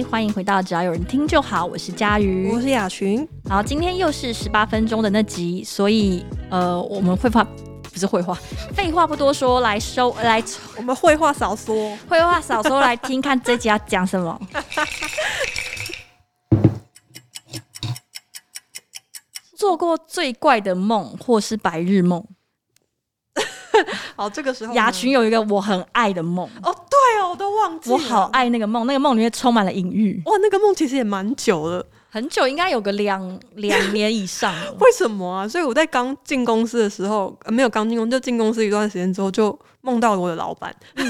歡迎回到只要有人聽就好，我是家瑜，我是雅群。好，今天又是十八分鐘的那集，所以呃，我們會話不是會話，廢話不多說，來收、呃、來，我們會話少說，會話少說，來聽看這集要講什麼。 做過最怪的夢或是白日夢？ 好，這個時候雅群有一個我很愛的夢哦。哦、我都忘記。我好愛那個夢，那個夢裡面充滿了隱喻。哇，那個夢其實也蠻久了，很久，應該有個兩兩年以上。 為什麼啊？所以我在剛進公司的時候，啊、沒有剛進公司，就進公司一段時間之後就。夢到了我的老板，嗯、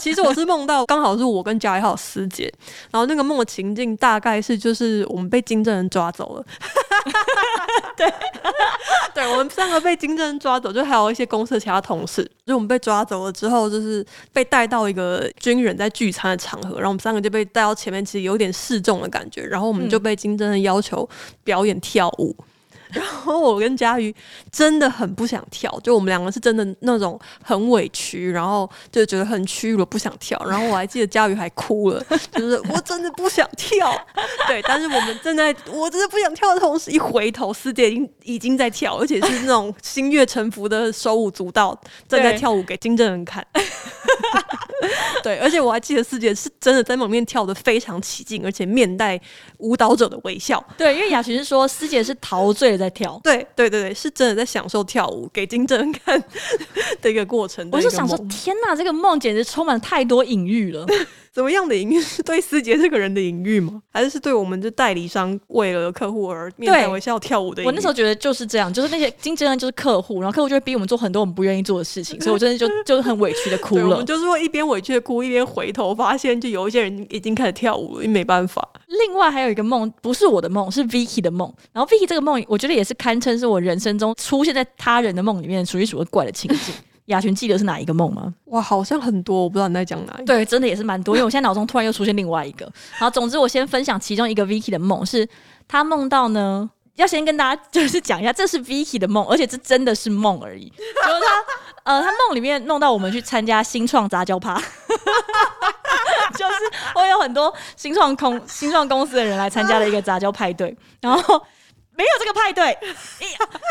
其實我是夢到剛 好是我跟家瑜好師姐，然後那個夢的情境大概是就是我們被金正恩抓走了， 對，對我們三個被金正恩抓走，就還有一些公司的其他同事，就我們被抓走了之後，就是被帶到一個軍人在聚餐的場合，然後我們三個就被帶到前面，其實有點示眾的感覺，然後我們就被金正恩要求表演跳舞。嗯 然後我跟家瑜真的很不想跳，就我們兩個是真的那種很委屈，然後就覺得很屈辱，不想跳。然後我還記得家瑜還哭了，就是我真的不想跳。對，但是我們正在我真的不想跳的同時，一回頭，師姐已經已經在跳，而且是那種心悅誠服的手舞足蹈，正在跳舞給金正恩看。對， 對，而且我還記得師姐是真的在蒙面跳得非常起勁，而且面帶舞蹈者的微笑。對，因為雅群是說師姐是陶醉的。在跳，對對對對，是真的在享受跳舞，給金正恩看的一個過程。 我是想說，天吶、啊，這個夢簡直充滿了太多隱喻了。 怎麼樣的隱喻是對思杰這個人的隱喻嗎？還是是對我們的代理商為了客戶而面帶微笑跳舞的隱喻？我那時候覺得就是這樣，就是那些經紀人就是客戶， 然後客戶就會逼我們做很多我們不願意做的事情，所以我真的就 就是很委屈的哭了。對，我們就是會一邊委屈的哭，一邊回頭發現就有一些人已經開始跳舞了，也沒辦法。另外還有一個夢，不是我的夢，是 Vicky 的夢。然後 Vicky 這個夢，我覺得也是堪稱是我人生中出現在他人的夢裡面數一數二怪的情景。 雅群，記得是哪一個夢嗎？哇，好像很多，我不知道你在講哪一個。對，真的也是蠻多，因為我現在腦中突然又出現另外一個。 好，總之我先分享其中一個 Vicky 的夢，是她夢到呢，要先跟大家就是講一下，這是 Vicky 的夢，而且這真的是夢而已。 就是她， 呃，她夢裡面弄到我們去參加新創雜交趴， 就是會有很多新創公新創公司的人來參加的一個雜交派對， 然後。沒有這個派對，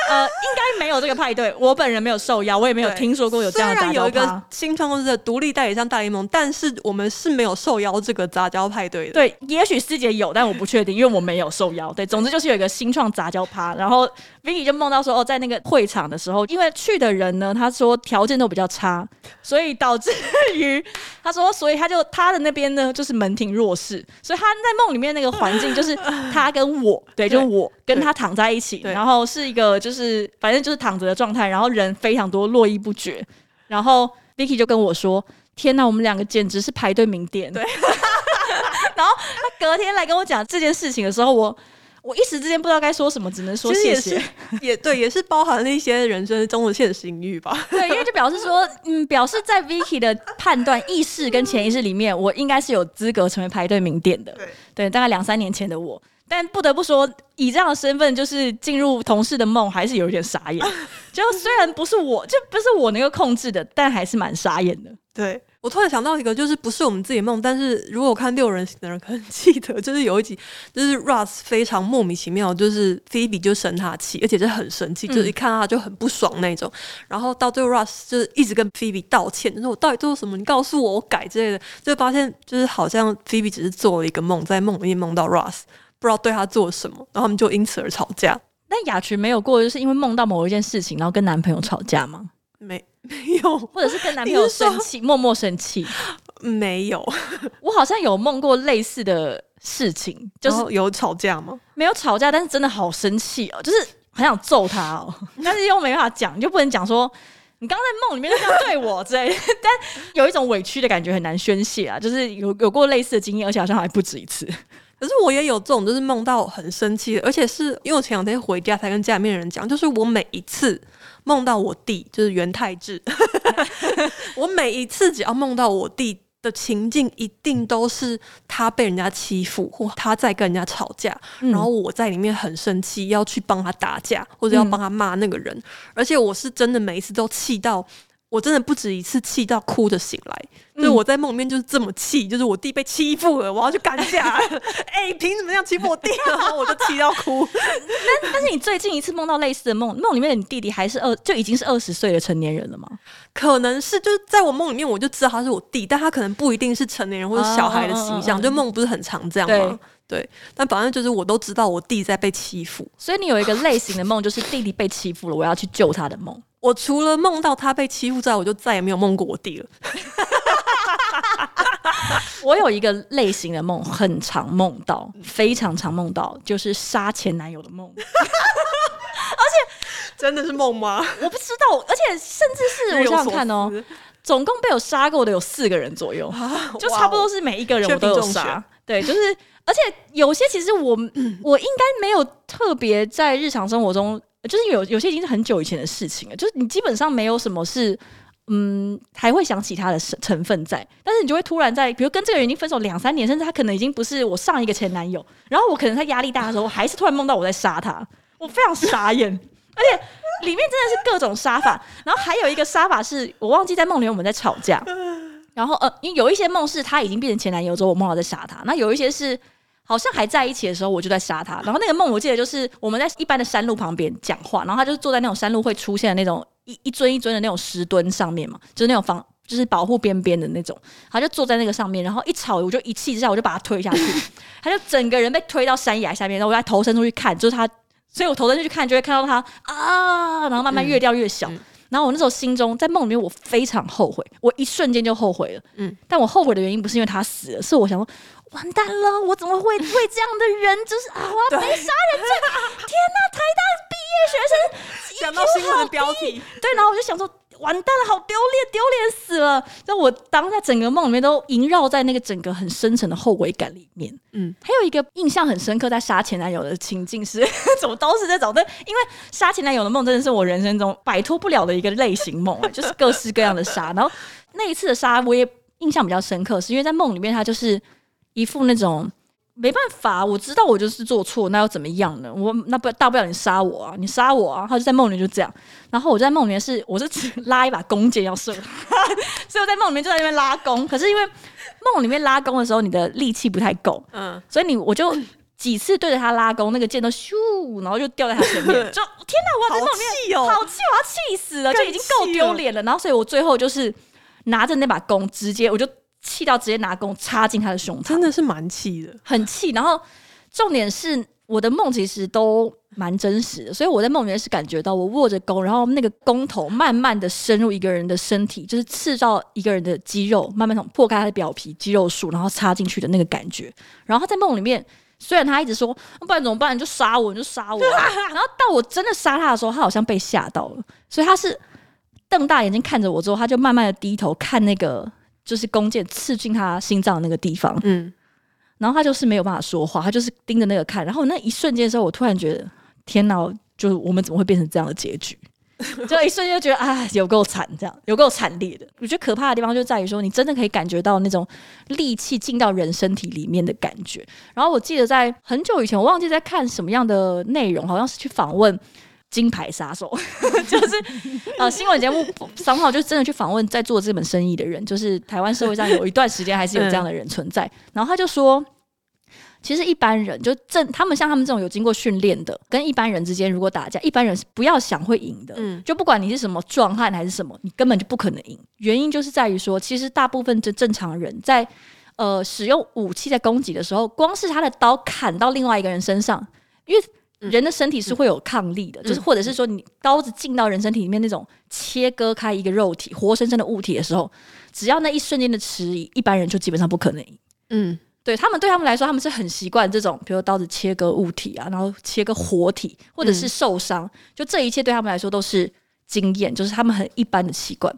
呃， 應該沒有這個派對。我本人沒有受邀，我也沒有聽說過有這樣的。有一個新創公司的獨立代理商大聯盟，但是我們是沒有受邀這個雜交派對的。對，也許思傑有，但我不確定，因為我沒有受邀。對，總之就是有一個新創雜交趴。然後 Vinny 就夢到說：“哦，在那個會場的時候，因為去的人呢，他說條件都比較差，所以導致於他說，所以他就他的那邊呢，就是門庭若市。所以他在夢裡面那個環境，就是他跟我， 對，就是我跟他。”躺在一起，對然後是一個，就是反正就是躺着的狀態，然後人非常多，絡繹不絕。然後 Vicky 就跟我說：“天哪，我們兩個簡直是排隊名店。”對。 然後他隔天來跟我講這件事情的時候，我我一時之間不知道該說什麼，只能說謝謝。也，也對， 也是包含了一些人生中的現實隱喻吧。 對，因為就表示說，嗯，表示在 Vicky 的判斷 意識跟潛意識裡面，我應該是有資格成為排隊名店的。對，對，大概兩三年前的我。但不得不說，以這樣的身份就是進入同事的夢，還是有點傻眼。就雖然不是我，就不是我能夠控制的，但還是蠻傻眼的。對，我突然想到一個，就是不是我們自己夢，但是如果我看六人行的人可能記得，就是有一集就是 Ross 非常莫名其妙，就是 Phoebe 就生他氣，而且是很生氣，就是一看他就很不爽那種。嗯。然後到最後，Ross 就是一直跟 Phoebe 道歉，就是我到底做了什麼？你告訴我，我改之類的。就發現就是好像 Phoebe 只是做了一個夢，在夢裡面夢到 Ross。不知道對他做什麼，然後他們就因此而吵架。但雅群沒有過就是因為夢到某一件事情，然後跟男朋友吵架嗎？沒，沒有，或者是跟男朋友生氣，默默生氣？沒有。我好像有夢過類似的事情，就是有吵架嗎？沒有吵架，但是真的好生氣哦、啊，就是很想揍他哦，但是又沒辦法講， 你就不能講說你剛剛在夢裡面就這樣對我之類的。但有一種委屈的感覺，很難宣洩啊，就是有有過類似的經驗，而且好像還不止一次。可是我也有這種，就是夢到很生氣，而且是因為我前兩天回家才跟家裡面人講，就是我每一次夢到我弟，就是元泰智， 我每一次只要夢到我弟的情境，一定都是他被人家欺負，或他在跟人家吵架，嗯、然後我在裡面很生氣，要去幫他打架，或者要幫他罵那個人，嗯、而且我是真的每一次都氣到，我真的不止一次氣到哭着醒來，嗯、就我在夢裡面就是這麼氣，就是我弟被欺負了，我要去幹架。哎、 欸，憑什麼要欺負我弟？然後我就氣到哭。 但但是你最近一次夢到類似的夢，夢裡面的你弟弟還是二就已經是二十歲的成年人了嗎？可能是，就是在我夢裡面我就知道他是我弟，但他可能不一定是成年人或者小孩的形象。啊啊、就夢不是很常這樣嗎？對，對，但反正就是我都知道我弟在被欺負， 所以你有一個類型的夢就是弟弟被欺負了，我要去救他的夢。我除了夢到他被欺負之外，我就再也沒有夢過我弟了。 我有一個類型的夢，很常夢到，非常常夢到，就是殺前男友的夢。 而且真的是夢嗎？我不知道。而且甚至是我想想看哦、喔，總共被我殺過的有四個人左右，啊、就差不多是每一個人我都有殺。對，就是而且有些其實我 我應該沒有特別在日常生活中。就是有有些已經是很久以前的事情了，就是你基本上沒有什麼是嗯還會想起他的成分在，但是你就會突然在，比如跟這個人已經分手兩三年，甚至他可能已經不是我上一個前男友，然後我可能他壓力大的時候，我還是突然夢到我在殺他，我非常傻眼， 而且裡面真的是各種殺法，然後還有一個殺法是我忘記在夢裡我們在吵架，然後呃因為有一些夢是他已經變成前男友之後，我夢到在殺他，那有一些是。好像還在一起的時候，我就在殺他。然後那個夢，我記得就是我們在一般的山路旁邊講話，然後他就坐在那種山路會出現的那種一一尊一尊的那種石墩上面嘛，就是那種防就是保護邊邊的那種。他就坐在那個上面，然後一吵我就一氣之下我就把他推下去， 他就整個人被推到山崖下面。然後我投身出去看，就是他，所以我投身出去看就會看到他啊，然後慢慢越掉越小。嗯嗯然後我那時候心中在夢裡面，我非常後悔，我一瞬間就後悔了。嗯，但我後悔的原因不是因為他死了，是我想說，完蛋了，我怎麼會會這樣的人？ 就是啊，我沒殺人，對 天哪！台大畢業學生， 想到新聞的標題，對，然後我就想說。 完蛋了，好丟臉，丟臉死了！就我當在整個夢裡面都縈繞在那個整個很深沉的後悔感裡面。嗯，還有一個印象很深刻，在殺前男友的情境是，怎麼都是在找對，因為殺前男友的夢真的是我人生中擺脫不了的一個類型夢， 就是各式各樣的殺。 然後那一次的殺，我也印象比較深刻，是因為在夢裡面他就是一副那種。沒辦法，我知道我就是做錯，那又怎麼樣呢？我那不大不了你殺我啊，你殺我啊！他就在夢裡面就這樣，然後我就在夢裡面是我是只拉一把弓箭要射， 所以我在夢裡面就在那邊拉弓。可是因為夢裡面拉弓的時候，你的力氣不太夠，嗯，所以你我就幾次對着他拉弓，那個箭都咻，然後就掉在他前面。就天哪，我在夢裡面好氣哦，好氣，我要氣死了，就已經夠丟臉了。了然後所以我最後就是拿着那把弓，直接我就。氣到直接拿弓插進他的胸膛，真的是蠻氣的，很氣。然後重點是，我的夢其實都蠻真實的，所以我在夢裡面是感覺到我握着弓，然後那個弓頭慢慢的深入一個人的身體，就是刺到一個人的肌肉，慢慢從破開他的表皮、肌肉、束，然後插進去的那個感覺。然後他在夢裡面，雖然他一直說“啊、不然怎麼辦？你就殺我，你就殺我、啊。” 然後到我真的殺他的時候，他好像被嚇到了，所以他是瞪大眼睛看着我，之後他就慢慢的低頭看那個。就是弓箭刺進他心臟那個地方，嗯，然後他就是沒有辦法說話，他就是盯着那個看，然後那一瞬間的時候，我突然覺得，天哪，就是我們怎麼會變成這樣的結局？ 就一瞬間就覺得啊，有夠慘，這樣有夠慘烈的。我覺得可怕的地方就在於說，你真的可以感覺到那種力氣進到人身體裡面的感覺。然後我記得在很久以前，我忘記在看什麼樣的內容，好像是去訪問。金牌殺手 就是 啊，新聞節目剛好就真的去訪問在做這門生意的人，就是台灣社會上有一段時間還是有這樣的人存在。 對 然後他就說，其實一般人就正他們像他們這種有經過訓練的，跟一般人之間如果打架，一般人是不要想會贏的。嗯，就不管你是什麼壯漢還是什麼，你根本就不可能贏。原因就是在於說，其實大部分正正常人在呃使用武器在攻擊的時候，光是他的刀砍到另外一個人身上，因為。人的身體是會有抗力的，嗯、就是或者是說，你刀子進到人身體裡面那種切割開一個肉體、活生生的物體的時候，只要那一瞬間的遲疑，一般人就基本上不可能贏。嗯，對他們，對他們來說，他們是很習慣這種，比如刀子切割物體啊，然後切割活體，或者是受傷，嗯、就這一切對他們來說都是經驗，就是他們很一般的習慣。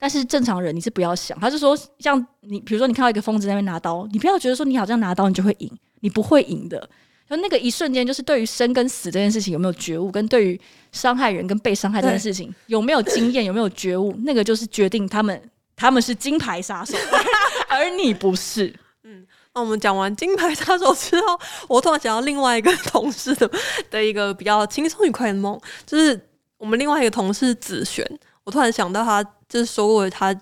但是正常人，你是不要想，他就說像你，比如說你看到一個瘋子在那邊拿刀，你不要覺得說你好像拿刀你就會贏，你不會贏的。就那個一瞬間，就是對於生跟死這件事情有沒有覺悟，跟對於傷害人跟被傷害這件事情有沒有經驗，對有沒有覺悟，那個就是決定他們 他們是金牌殺手， 而你不是。嗯，那我們講完金牌殺手之後，我突然想到另外一個同事的的一個比較輕鬆愉快的夢，就是我們另外一個同事紫璇，我突然想到他就是說過他。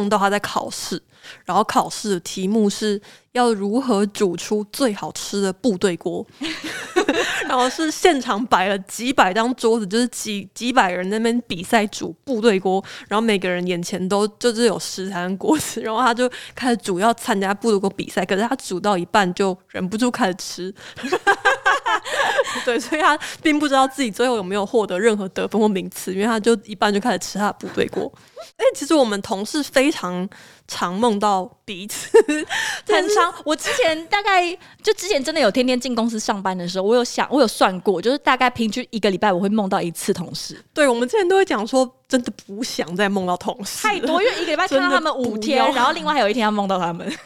夢到他在考試，然後考試的題目是要如何煮出最好吃的部隊鍋， 然後是現場擺了幾百張桌子，就是幾幾百人那邊比賽煮部隊鍋，然後每個人眼前都就是有食材鍋子，然後他就開始煮，要參加部隊鍋比賽，可是他煮到一半就忍不住開始吃。 對，所以他並不知道自己最後有沒有獲得任何得分或名次，因為他就一半就開始吃他的部隊鍋。哎，其實我們同事非常常夢到彼此，很常。我之前大概就之前真的有天天進公司上班的時候，我有想，我有算過，就是大概平均一個禮拜我會夢到一次同事。對，我們之前都會講說，真的不想再夢到同事太多，因為一個禮拜看到他們五天，然後另外還有一天要夢到他們。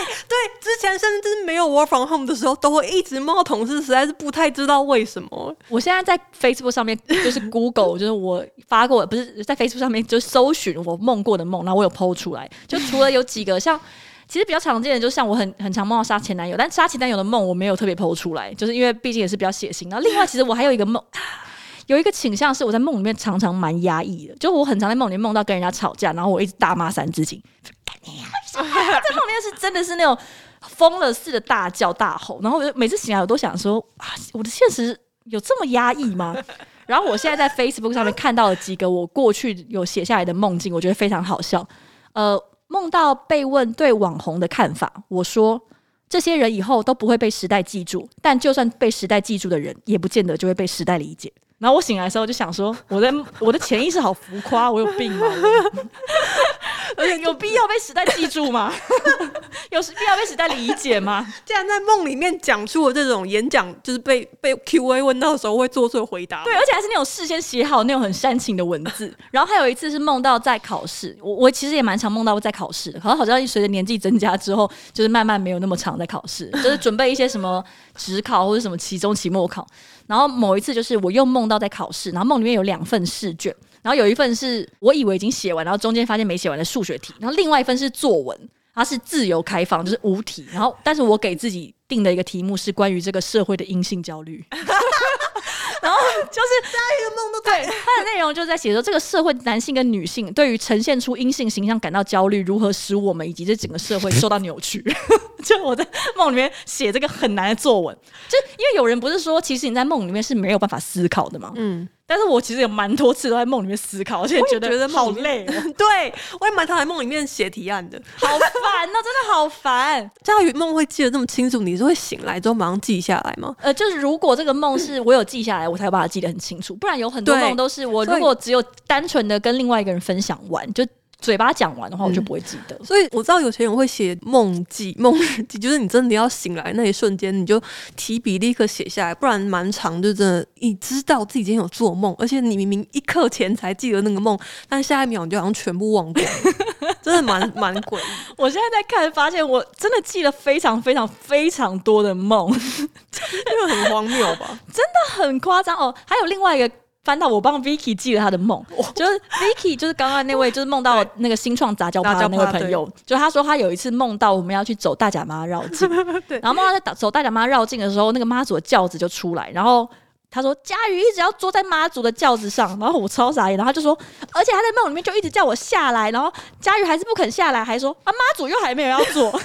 對，之前甚至沒有 work from home 的時候，都會一直夢到同事。實在是不太知道為什麼。我現在在 Facebook 上面就是 Google， 就是我發過的不是在 Facebook 上面就搜尋我夢過的夢，然後我有 po 出來。就除了有幾個像，其實比較常見的，就像我很很常夢到殺前男友，但殺前男友的夢我沒有特別 po 出來，就是因為畢竟也是比較血腥。然後另外，其實我還有一個夢， 有一個傾向是我在夢裡面常常蠻壓抑的，就我很常在夢裡面夢到跟人家吵架，然後我一直大罵三字經。 在後面是真的是那種瘋了似的大叫大吼，然後每次醒來我都想說啊，我的現實有這麼壓抑嗎？然後我現在在 Facebook 上面看到了幾個我過去有寫下來的夢境，我覺得非常好笑。呃，夢到被問對網紅的看法，我說這些人以後都不會被時代記住，但就算被時代記住的人，也不見得就會被時代理解。然後我醒來的時候就想說，我的我的潛意識好浮誇，我有病嗎？ 有必要被時代記住嗎？有 有必要被時代理解嗎？竟然在夢裡面講出了這種演講，就是被被 Q A 問到的時候會做出回答。對，而且還是那種事先寫好那種很煽情的文字。 然後還有一次是夢到在考試，我我其實也蠻常夢到在考試。好像好像隨着年紀增加之後，就是慢慢沒有那麼常在考試，就是準備一些什麼指考或者什麼期中、期末考。然後某一次就是我又夢到在考試，然後夢裡面有兩份試卷。然後有一份是我以為已經寫完，然後中間發現沒寫完的數學題。然後另外一份是作文，它是自由開放，就是無題。然後，但是我給自己定的一個題目是關於這個社會的陰性焦慮。 然後就是每一個夢都對它的內容，就是在寫說 這個社會男性跟女性對於呈現出陰性形象感到焦慮，如何使我們以及這整個社會受到扭曲？ 就我在夢裡面寫這個很難的作文，就因為有人不是說，其實你在夢裡面是沒有辦法思考的嗎？嗯。但是我其實有蠻多次都在夢裡面思考，而且覺得好累、喔得。對，我也蠻常在夢裡面寫提案的，好煩哦、喔，真的好煩。家 瑜夢會記得這麼清楚，你是會醒來之後馬上記下來嗎？呃，就是如果這個夢是我有記下來，嗯、我才會把它記得很清楚。不然有很多夢都是我如果只有單純的跟另外一個人分享完就。嘴巴講完的話，我就不會記得、嗯。所以我知道有錢人會寫夢記、夢日記，就是你真的要醒來那一瞬間，你就提筆立刻寫下來，不然蠻長，就真的你知道自己今天有做夢，而且你明明一刻前才記得那個夢，但下一秒你就好像全部忘光，真的蠻蠻詭異。鬼 我現在在看，發現我真的記得非常非常非常多的夢，因為 很荒謬吧，真的很誇張哦。還有另外一個。翻到我幫 Vicky 記了他的夢，哦、就，就是 Vicky，就是剛剛那位，就是夢到那個新創雜交趴的那位朋友，就他說他有一次夢到我們要去走大甲媽繞境， 對然後夢到在走大甲媽繞境的時候，那個媽祖的轎子就出來，然後他說家瑜一直要坐在媽祖的轎子上，然後我超傻眼，然後他就說，而且他在夢裡面就一直叫我下來，然後家瑜還是不肯下來，還說啊媽祖又還沒有要坐。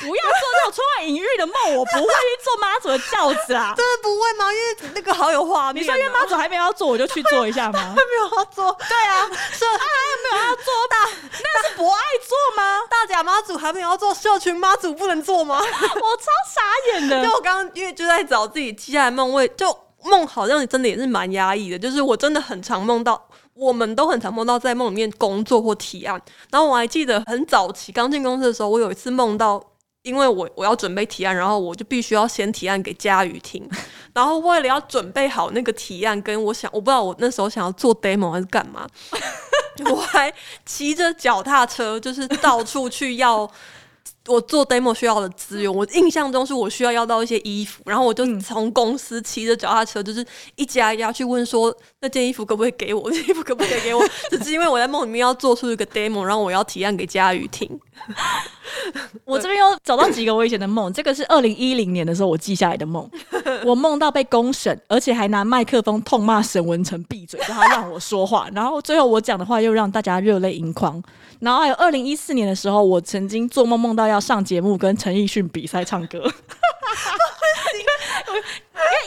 不要做那種充滿隱喻的夢，我不會去做媽祖的轎子啊！ 真的不會嗎？因為那個好有畫面。你說因為媽祖還沒有要做，我就去做一下嘛。會還沒有要做？對啊，說還有沒有要做？大 那是不愛做嗎？大甲媽祖還沒有要做，雅群媽祖不能做嗎？ 我超傻眼的，因為我剛剛因為就在找自己接下來夢，為就夢好像真的也是蠻壓抑的。就是我真的很常夢到，我們都很常夢到在夢裡面工作或提案。然後我還記得很早期剛進公司的時候，我有一次夢到。因為我我要準備提案，然後我就必須要先提案給家瑜聽。然後為了要準備好那個提案，跟我想，我不知道我那時候想要做 demo 還是幹嘛， 我還騎着腳踏車，就是到處去要我做 demo 需要的資源。我印象中是我需要要到一些衣服，然後我就從公司騎着腳踏車，就是一家一家去問說。那件衣服可不可以給我？那衣服可不可以給我？只是因為我在夢裡面要做出一個 demo，然後我要提案給家瑜聽。 我這邊又找到幾個危險的夢，對這個是二零一零年的時候我記下來的夢， 我夢到被公審，而且還拿麥克風痛罵沈文成閉嘴，讓他讓我說話， 然後最後我講的話又讓大家熱淚盈眶。然後還有二零一四年的時候，我曾經做夢夢到要上節目跟陳奕迅比賽唱歌。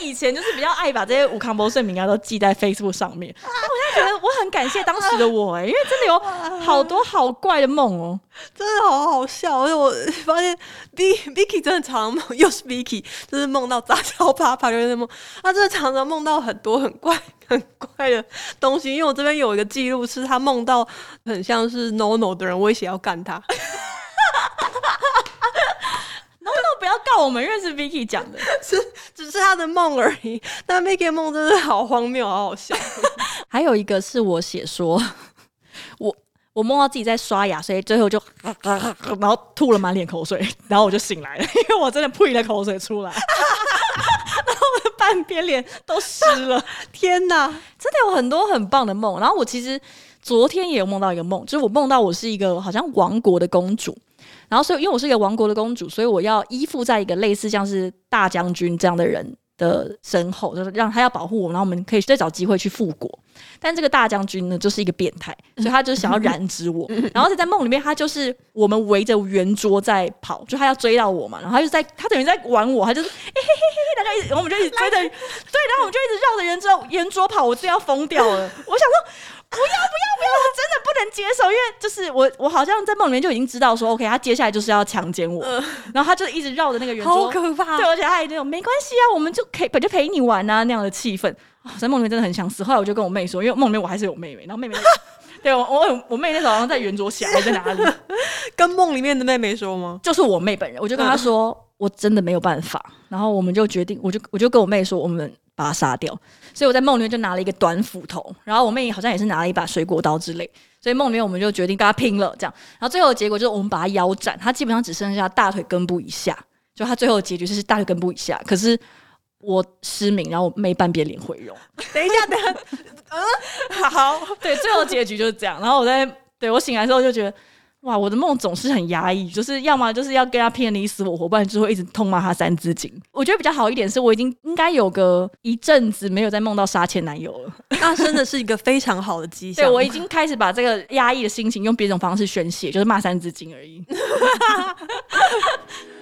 以前就是比較愛把這些無康波睡眠啊都記在 Facebook 上面。 但我現在覺得我很感謝當時的我、欸，哎， 因為真的有好多好怪的夢哦、喔，真的好好笑。而且我發現 B Vicky 真的常夢，又是 Vicky 就是夢到雜交趴趴。就是夢，他真的常常夢到很多很怪很怪的東西。因為我這邊有一個記錄，是他夢到很像是 Nono 的人威脅要幹他。 能不能不要告我們，因為是 Vicky 講的 是只是他的夢而已。但 Vicky 夢真的好荒謬，好好笑。 還有一個是我寫說，我我夢到自己在刷牙，所以最後就呵呵呵然後吐了滿臉口水，然後我就醒來了，因為我真的吐了口水出來， 然後我的半邊臉都濕了。 天哪，真的有很多很棒的夢。然後我其實昨天也有夢到一個夢，就是我夢到我是一個好像王國的公主。然後，所以因為我是一個亡國的公主，所以我要依附在一個類似像是大將軍這樣的人的身後，就是讓他要保護我，然後我們可以再找機會去復國。但這個大將軍呢，就是一個變態，所以他就是想要染指我。嗯、然後在在夢裡面，他就是我們圍着圓桌在跑，嗯、就他要追到我嘛。然後他就在，他等於在玩我，他就是嘿、欸、嘿嘿嘿，大家一直我們就一直追着， 對，然後我們就一直繞着圓桌圓桌跑，我都要瘋掉了。 我想說。不要不要不要！不要不要 我真的不能接受，因為就是我，我好像在夢裡面就已經知道說，OK，他接下來就是要強奸我，呃、然後他就一直繞着那個圓桌，好可怕！對，而且他一定沒關係啊，我們就可以，本就陪你玩啊那樣的氣氛在夢、哦、裡面真的很想死。後來我就跟我妹說，因為夢裡面我還是有妹妹，然後妹妹、那個、 對我，我我妹那時候早上在圓桌下，你 在哪裡？跟夢裡面的妹妹說嗎？就是我妹本人，我就跟她說，嗯、我真的沒有辦法。然後我們就決定，我就我就跟我妹說，我們。把他殺掉，所以我在夢裡面就拿了一個短斧頭，然後我妹好像也是拿了一把水果刀之類，所以夢裡面我們就決定跟他拼了，這樣，然後最後的結果就是我們把他腰斬，他基本上只剩下大腿根部以下，就他最後的結局就是大腿根部以下，可是我失明，然後我妹半邊臉毀容。等一下，等，嗯，好，對，最後結局就是這樣，然後我在對我醒來之後就覺得。哇，我的夢總是很壓抑，就是要麼就是要跟他拼你死我活，不然就會一直痛罵他三字經。我覺得比較好一點是，我已經應該有個一陣子沒有再夢到殺前男友了。那真的是一個非常好的跡象。 對，我已經開始把這個壓抑的心情用別種方式宣洩，就是罵三字經而已。